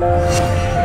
Música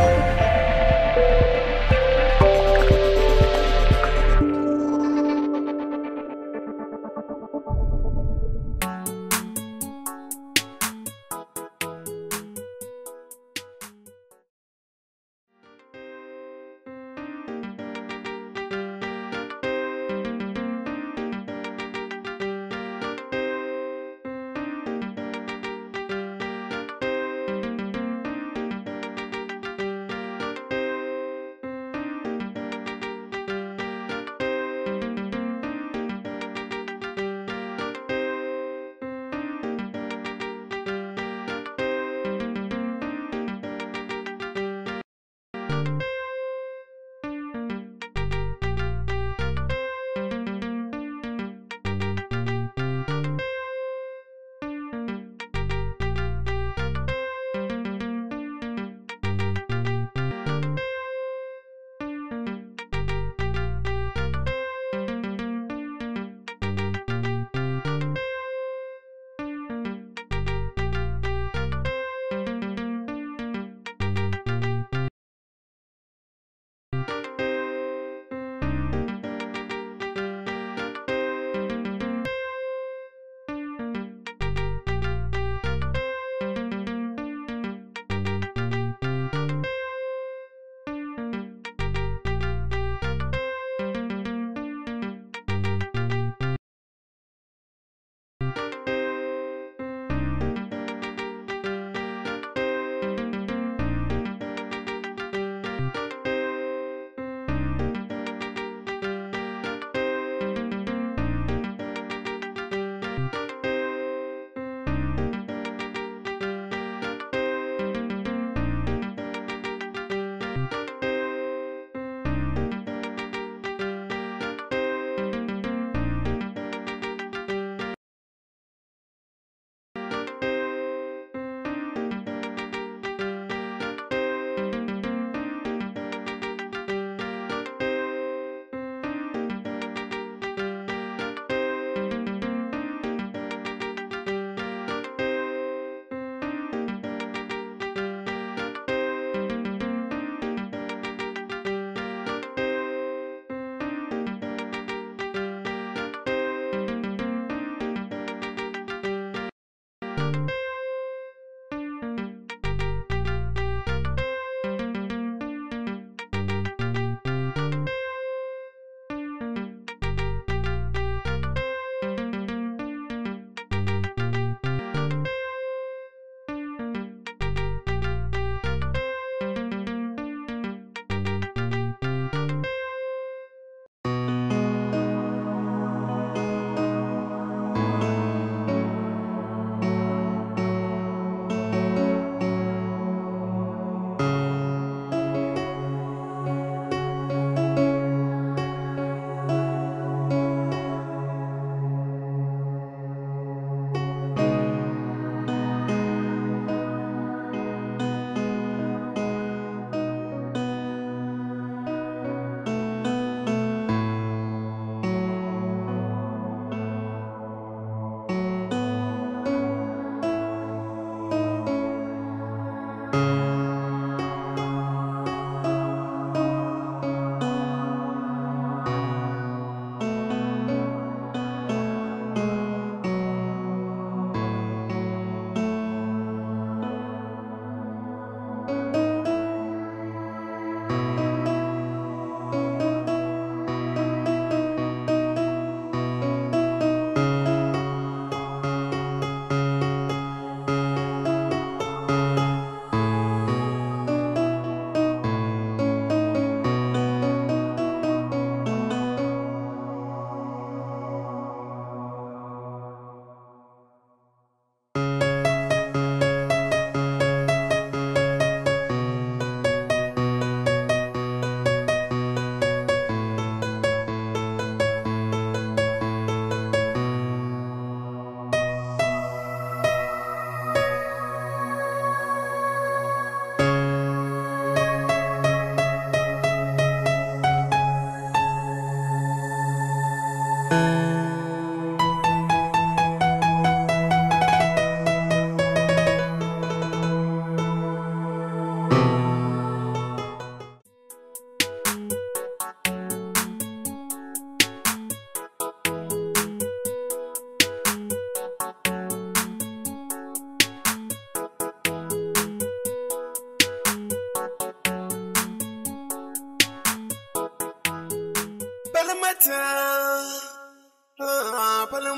mata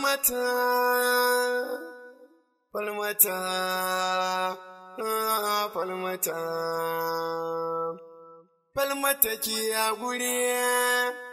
mata fal fal falmata ah, fal mata fal mata ah, ki a guriya.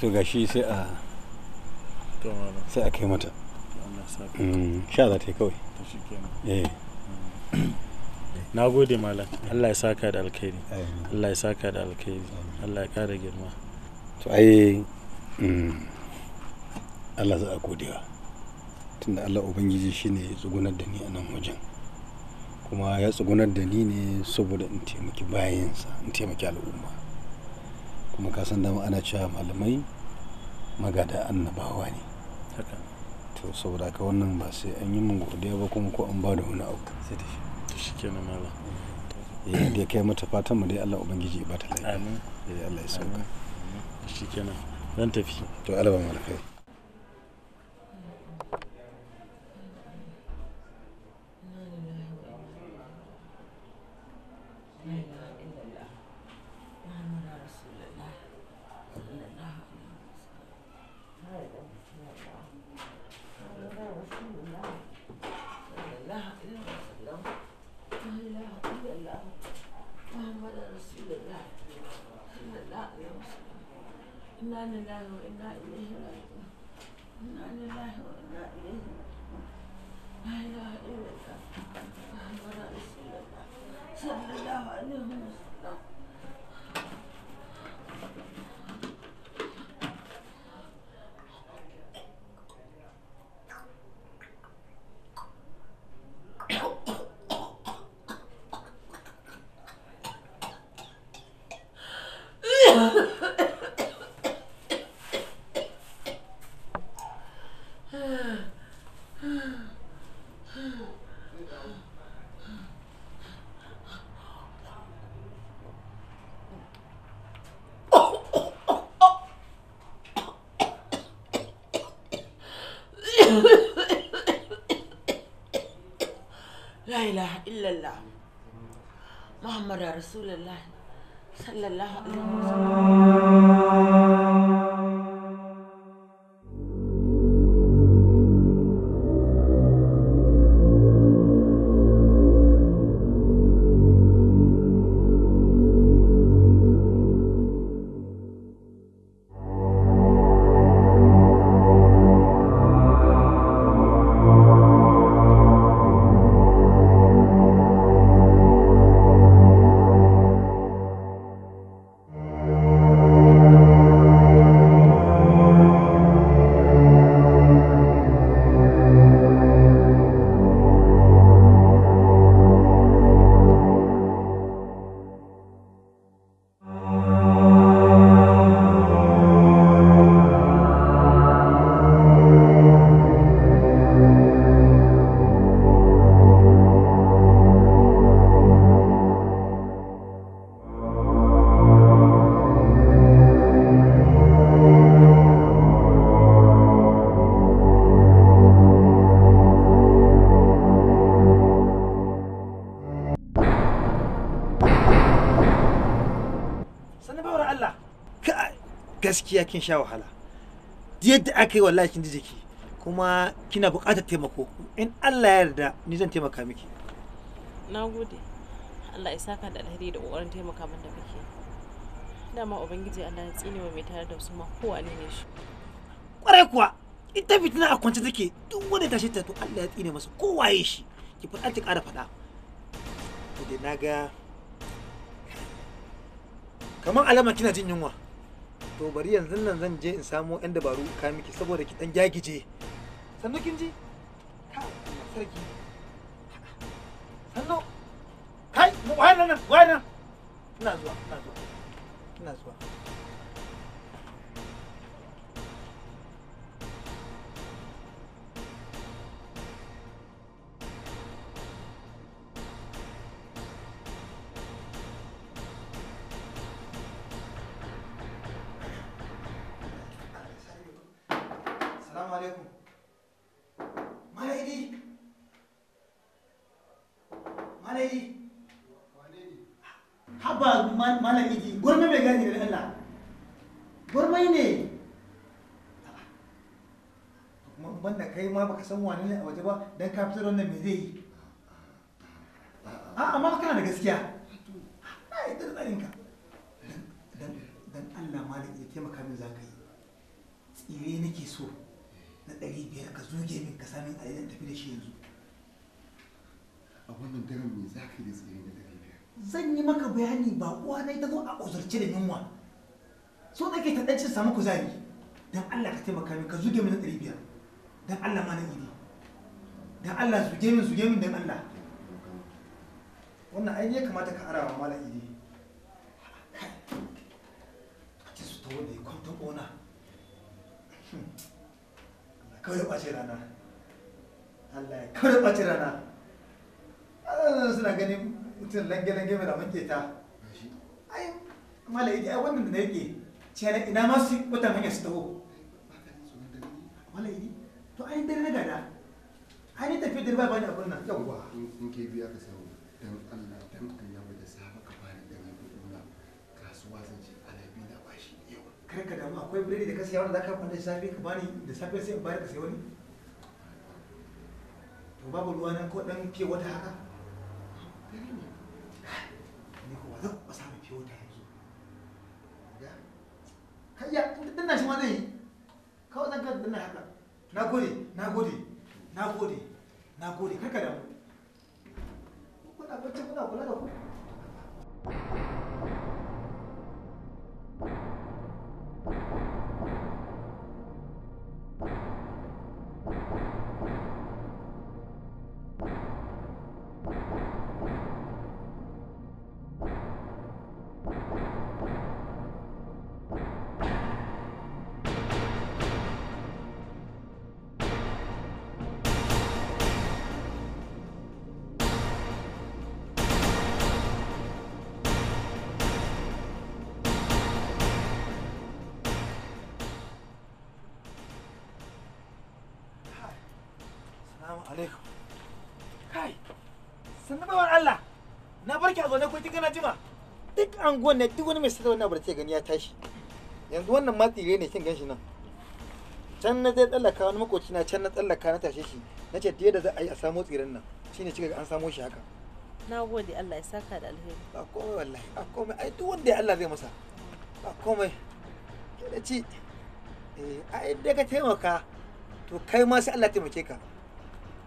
to ga shi sai a sai a kai mata mm, sha za ta yi kawai eh. mm. na gode malam allah ya saka da alkhairi allah ya saka da alkhairi allah ya kara girma to ai mm, allah za a godewa tunda allah ubangiji shine ya tsugunar da ni a nan wajen kuma ya tsugunar da ni ne saboda in taimaki bayansa in taimaki al'umma kuma ka san dama ana cewa malamai magada annabawa ne to saboda ka wannan ba sai an yi min godiya ba kuma ko an ba da wani abu sai da shi kenan malam eh da kai mata fatan mu dai Allah ubangiji ya bata lafiya amin eh Allah ya sauka shi kenan zan tafi to Allah ba malakai Thank 在我应该经是。إله إلا الله محمد رسول الله صلى الله عليه وسلم kin sha wahala yadda aka yi wallahi kin ji jiki kuma kina buƙatar taimako in Allah ya yarda ni zan taimaka miki na gode Allah ya saka da alheri da ƙoƙarin taimaka min da kake dama ubangiji Allah ya tsine mai tare da su ma kowa ne ne shi kwarai kuwa ita fitina a kwance take duk wanda ta ta to Allah ya tsine masa kowa ya shi ki faɗa ki ƙara faɗa to dai na ga kamar alama kina jin yunwa to bari yanzu nan zan je in samo yan dabaru ka miki saboda ki dan jagije sannu kin ji ka sarki sannu kai mu wayan nan wayan nan ina zuwa ina zuwa ina zuwa ma baka san wane ne a waje ba dan ka fito wannan me zai yi a amma kana da gaskiya ai da ka dan dan Allah malam ya taimaka min zaka yi tsire nake so na ɗari biyar ka zuge min ka samin a idan tafi da shi yanzu a wannan garin me zaka yi da tsire na ɗari biyar zan yi maka bayani ba uwa na ta zo a uzurce da yunwa so nake ta ɗan cin samu kuzari dan Allah ka taimaka min ka zuge min na ɗari biyar dan Allah ma nan ne dan Allah su min su min dan Allah wannan ai ya kamata ka arawa malam idi ce su to ne kwanta ona kawai ya ɓace rana Allah ya kawai ya ɓace rana Allah suna ganin mutum lange-lange mai ramin keta ai malam idi ai wannan da na yake ce ina ma su wata hanyar su taho malam to ai dare na gada ai ni tafi dirba ba bani abin nan yawwa in ke biya ka samu dan Allah dan annabi da safa ka bani dan Allah kasuwa zan ce alabi na bashi yau kar ka damu akwai biredi da ka saya wanda zaka kwanta safe ka bani da safe sai in bari ka sayi wani to babu ruwa nan ko dan ke wata haka gode na gode na gode na gode karka alaikum. Kai, sannu Allah, na barke a zaune ko kin gana jima. Duk anguwan ne duk wani mai sarrafa na barci gani ya tashi. Yanzu wannan ma tsire ne kin ganshi nan. Can na zai tsallaka wani makoci na can na tsallaka na tashe shi. Na ce da za a yi a samo tsiren nan. Shine kika an samo shi haka. Na gode Allah ya saka da alheri. Ba komai wallahi, ba komai. Ai duk wanda ya Allah zai masa. Ba komai. Ke da ci. Eh, ai da ka taimaka to kai ma sai Allah taimake ka.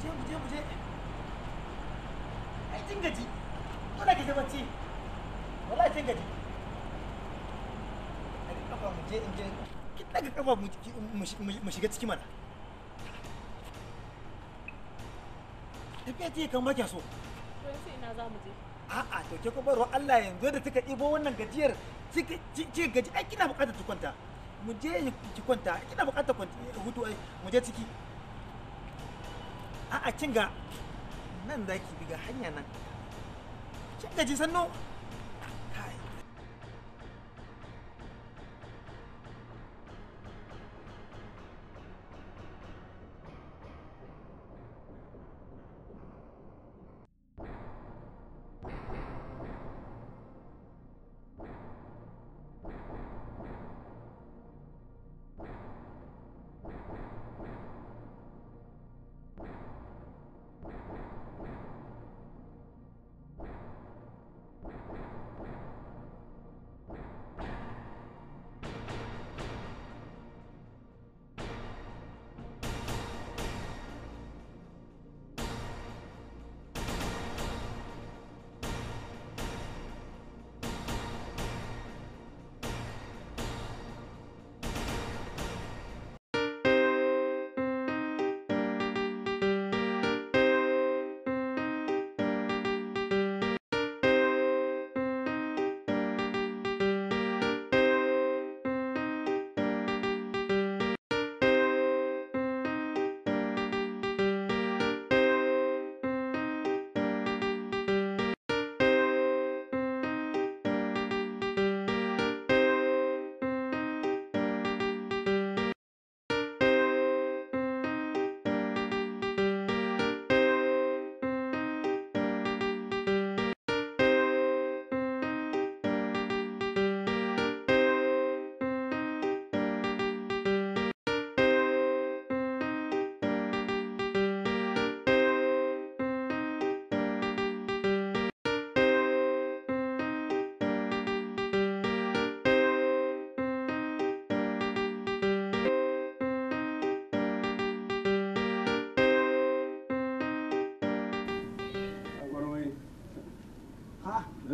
je ai gaji wallahi gaji kafa mu je in je ki daga kafa mu shiga ciki mana tafiya ce kan ba kya so ina za mu je a'a to ke Allah yanzu da kika ɗibo wannan gajiyar ci gaji ai kina buƙatar ki kwanta mu je ki kwanta kina hutu ai mu je ciki a'a kin nan zaki biga hanya nan kin ji sannu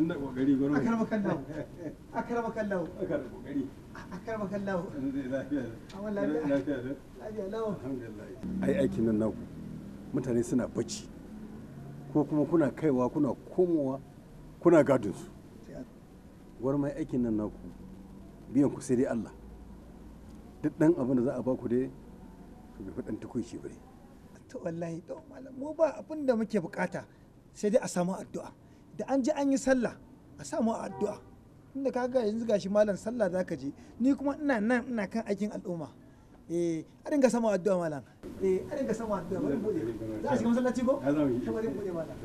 na kokari gurin kokari aikin nan bacci ko kuma kuna kaiwa kuna komowa kuna gadin su gwarmai aikin nan naku biyan ku sai dai Allah duk dan abin da za a ba ku dai to bai faɗan bare to wallahi mu ba abin da muke bukata sai dai a samu addu'a da an je an yi sallah a samu addu'a inda ka ga yanzu gashi malam sallah zaka je ni kuma ina nan ina kan aikin al'umma eh a dinga samu addu'a malam eh a dinga samu addu'a malam bude za a shiga masallaci ko? Ka bari bude malam.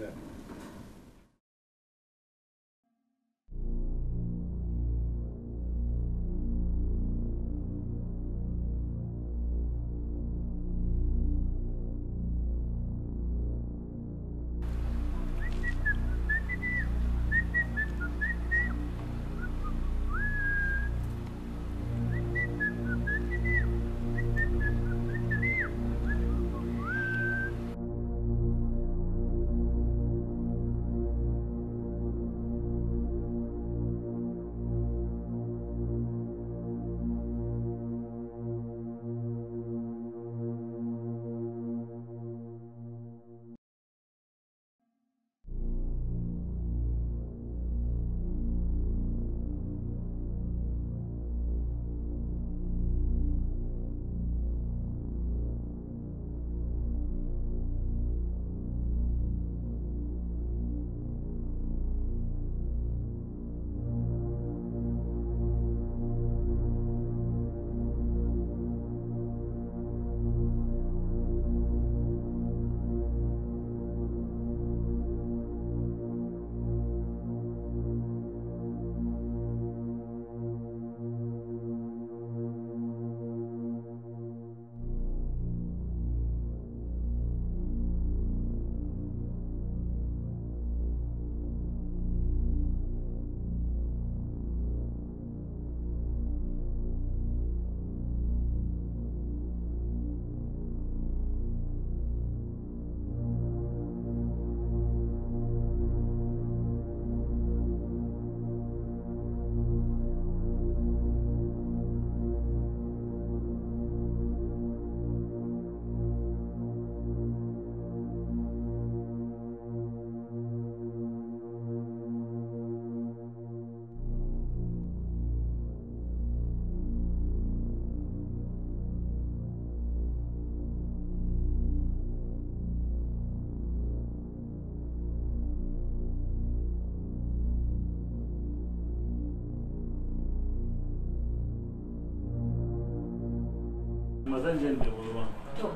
kuma zan je da ruwan to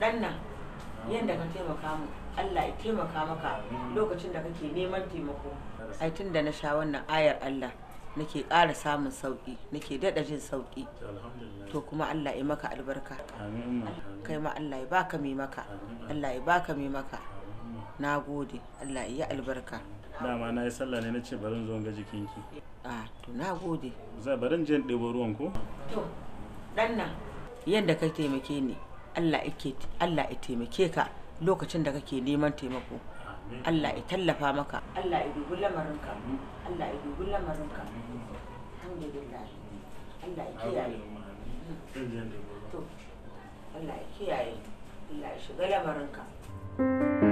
dan nan yadda ka taimaka mu Allah ya taimaka maka lokacin da kake neman taimako ai tun da na sha wannan ayar Allah nake ƙara samun sauƙi nake daɗa jin sauƙi to kuma Allah ya maka albarka kai ma Allah ya baka mai maka Allah ya baka mai maka na gode Allah ya albarka dama na yi sallah ne na ce barin zo ga jikinki a ah, to na gode za barin jin ɗebo ruwan ko to dan nan yadda ka taimake ni Allah ya taimake ka lokacin da kake neman taimako Allah ya tallafa maka Allah ya dubi lamarinka Allah ya dubi lamarinka alhamdulillah Allah ya kiyaye Allah ya kiyaye Allah ya shiga lamarinka thank you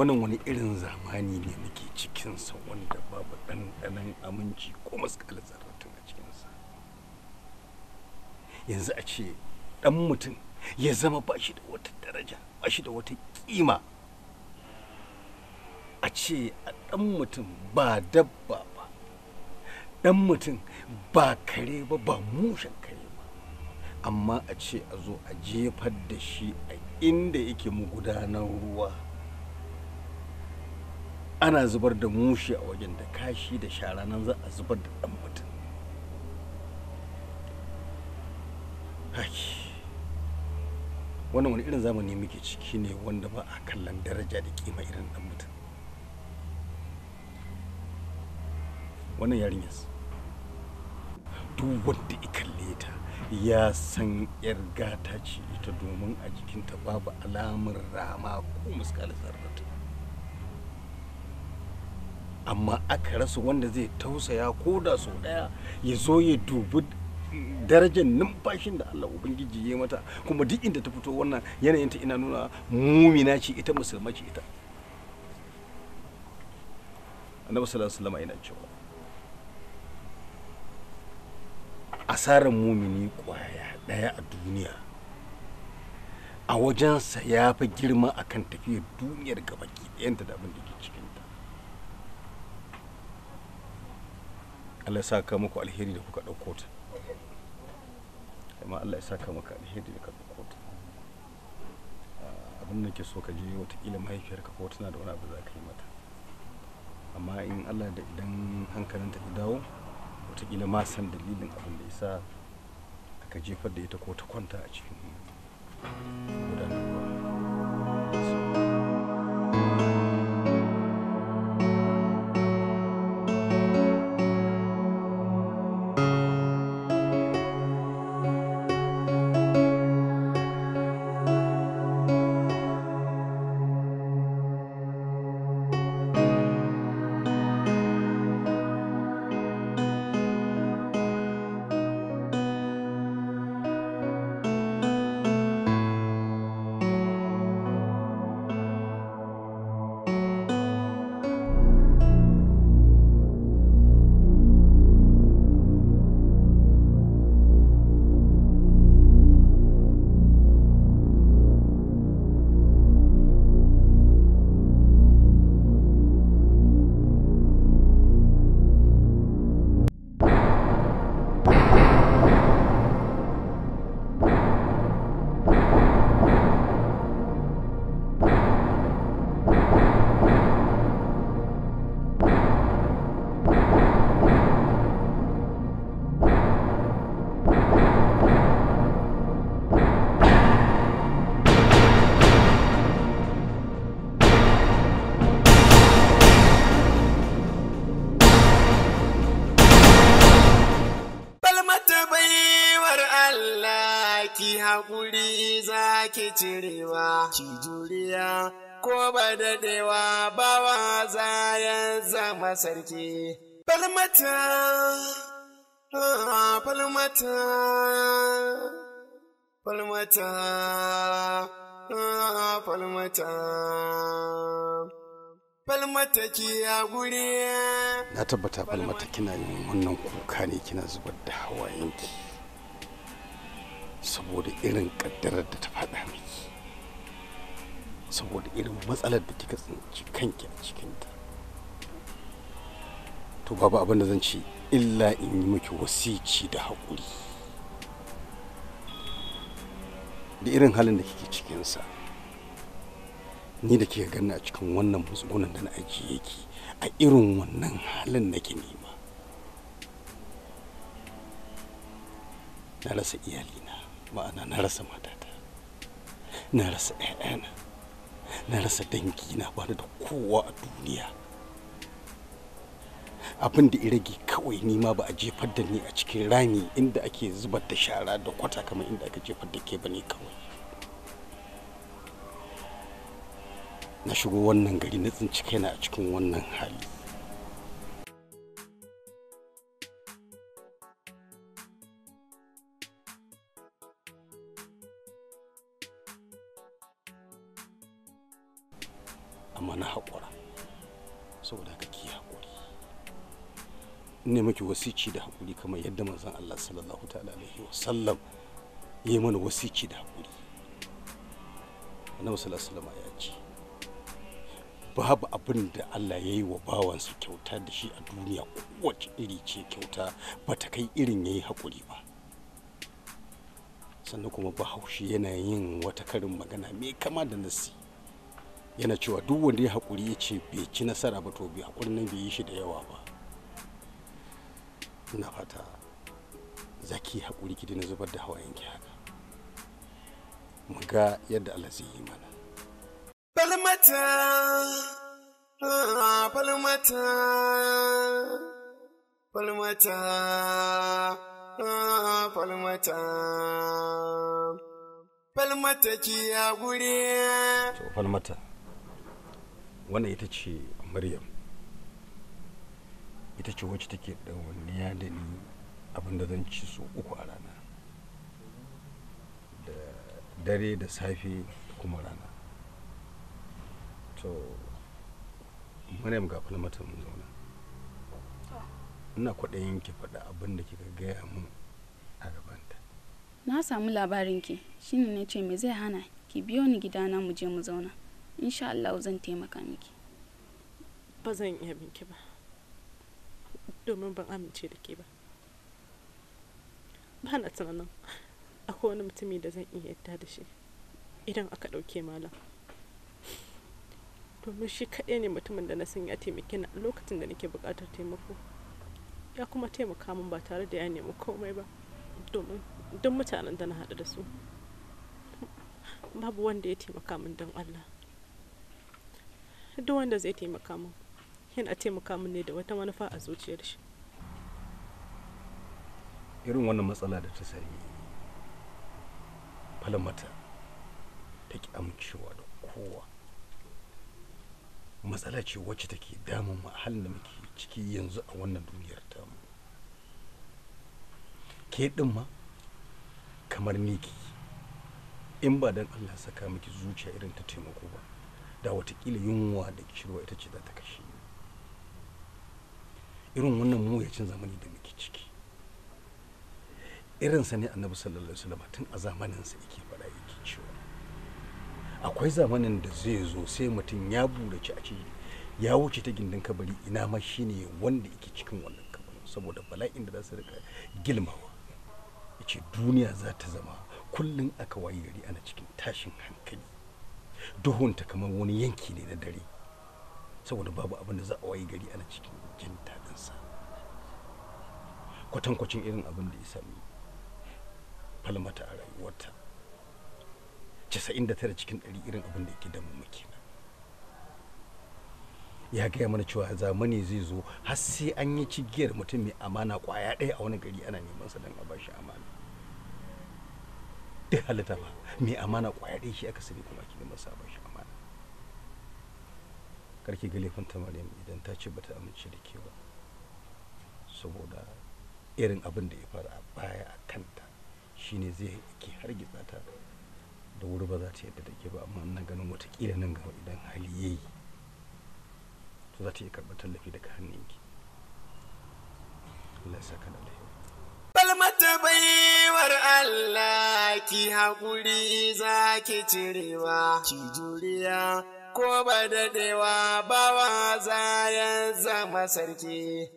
wannan wani irin zamani ne muke cikinsa wanda babu ɗanɗanon aminci ko maskalar zarratun a cikinsa yanzu a ce ɗan mutum ya zama ba shi da wata daraja ba da wata ƙima a ce a ɗan mutum ba dabba ba ɗan mutum ba kare ba ba mushen kare ba amma a ce a zo a jefar da shi a inda yake mu gudanar ruwa ana zubar da mushi a wajen da kashi da shara nan za a zubar da ɗan mutum haki wannan wani irin zamani muke ciki ne wanda ba a kallon daraja da kima irin ɗan mutum wannan yarinyar duk wanda ya kalle ta ya san yar gata ce ita domin a jikinta babu alamar rama ko muskalin zarrata amma aka rasa wanda zai tausaya ko da sau daya ya zo ya dubi darajar numfashin da Allah Ubangiji ya mata kuma duk inda ta fito wannan yanayinta ina nuna mumina ce ita musulma ce ita annabi sallallahu alaihi wasallam yana cewa asarar mumini kwaya daya a duniya a wajensa ya fi girma akan tafiyar duniyar gabaki ɗayanta da abin da ke ciki Allah ya saka muku alheri da kuka ɗauko ta amma Allah ya saka maka alheri da ka ɗauko ta ah, abin da ke so ka je watakila mahaifiyarka ko tana da wani abu za ka yi mata amma in Allah da idan hankalinta ta dawo watakila ma san dalilin abin da ya sa aka jefar da ita ko ta kwanta a cikin gudanar ki cirewa ki juriya ko ba dadewa wa za ya zama sarki falmata falmata falmata falmata falmata ki a guri na tabbata falmata kina yin wannan kuka ne kina zubar da hawayenki saboda irin kaddarar da ta faɗa miki saboda irin matsalar da kika tsinci kanki a cikinta to babu abin da zan ci illa in yi miki wasici da haƙuri da irin halin da kike cikinsa ni da kika gani a cikin wannan matsugunan da na ajiye ki a irin wannan halin na nema na rasa iyalina ma'ana na rasa matata na rasa ‘ya'yana na rasa dangi na bani da kowa a duniya abin da rage kawai nima ba a jefar da ni a cikin rami inda ake zubar da shara da kwata kamar inda aka jefar da ke bane kawai na shigo wannan gari na tsinci kaina a cikin wannan hali saboda haka ki hakuri ne miki wasiki da hakuri kamar yadda manzon Allah sallallahu ta'ala alaihi sallam yi mana wasici da hakuri annabi sallallahu alaihi wa sallam ya ce babu abin da Allah ya yi wa bawansa kyauta da shi a duniya kowace iri ce kyauta ba ta kai irin ya yi hakuri ba sannan kuma bahaushe yana yin wata karin magana mai kama da nasi yana cewa duk wanda ya haƙuri ya ce bai ci nasara ba to bai haƙuri nan bai yi shi da yawa ba ina fata za ki haƙuri ki na zubar da hawayen ki haka mu ga yadda Allah zai yi mana falmata ah, falmata falmata ah, falmata falmata ki ya gure falmata wannan ita ce maryam ita ce wacce take ɗawainiya da ni abinda zan ci so uku a rana da dare da safe da kuma rana to maryam ga falmata mun zauna ina kwaɗayin ki faɗa abinda da kika gaya mun a gabanta na samu labarin ki shine ne ce me zai hana ki biyo ni gidana mu je mu zauna insha Allah zan taimaka miki ba zan iya miki ba domin ban amince da ke ba ba na tunanin akwai wani mutumi da zan iya yadda da shi idan aka ɗauke malam domin shi kaɗai ne mutumin da na san ya taimake na lokacin da nake buƙatar taimako ya kuma taimaka min ba tare da ya nemi komai ba domin duk mutanen da na haɗu da su babu wanda ya taimaka min don allah duk wanda zai taimaka min yana taimaka min ne da wata manufa a zuciyar shi irin wannan matsala da ta sani falamata ta ki amincewa da kowa matsala ce wacce take damun mu halin da muke ciki yanzu a wannan duniyar tamu ke din ma kamar niki in ba dan Allah saka miki zuciya irin ta taimako ba da watakila yunwa da kishirwa ita ce za ta kashe irin wannan muyacin zamani da muke ciki irinsa ne annabi sallallahu alaihi wasallam tun a zamaninsa yake faɗa yake cewa akwai zamanin da zai zo sai mutum ya ci a ciki ya wuce ta gindin kabari ina ma shine wanda yake cikin wannan kabarin saboda bala'in da za su rika gilmawa yace duniya za ta zama kullum aka wayi gari ana cikin tashin hankali duhunta kamar wani yanki ne na dare saboda babu abin da za a wayi gari ana cikin jin daɗinsa kwatankwacin irin abin da ya sami falmata a rayuwarta casa'in da tara cikin ɗari irin abin da yake damu maki ya gaya mana cewa zamani zai zo har sai an yi cigiyar mutum mai amana kwaya ɗaya a wani gari ana neman sa don a bashi amana duk halitta ba mai amana kwayar shi aka sani kuma ake masa ba shi amana karki ga laifin ta maryam idan ta ce bata amince da ke ba saboda irin abin da ya fara a baya a kanta shine zai ke hargitsa ta da wuri ba za ta yadda da ke ba amma na ganin watakila nan gaba idan hali ya yi to za ta iya karɓar tallafi daga hannunki Allah ya saka da Allah ki haƙuri za ki cirewa, ki juriya ko ba daɗewa bawa za ya zama sarki.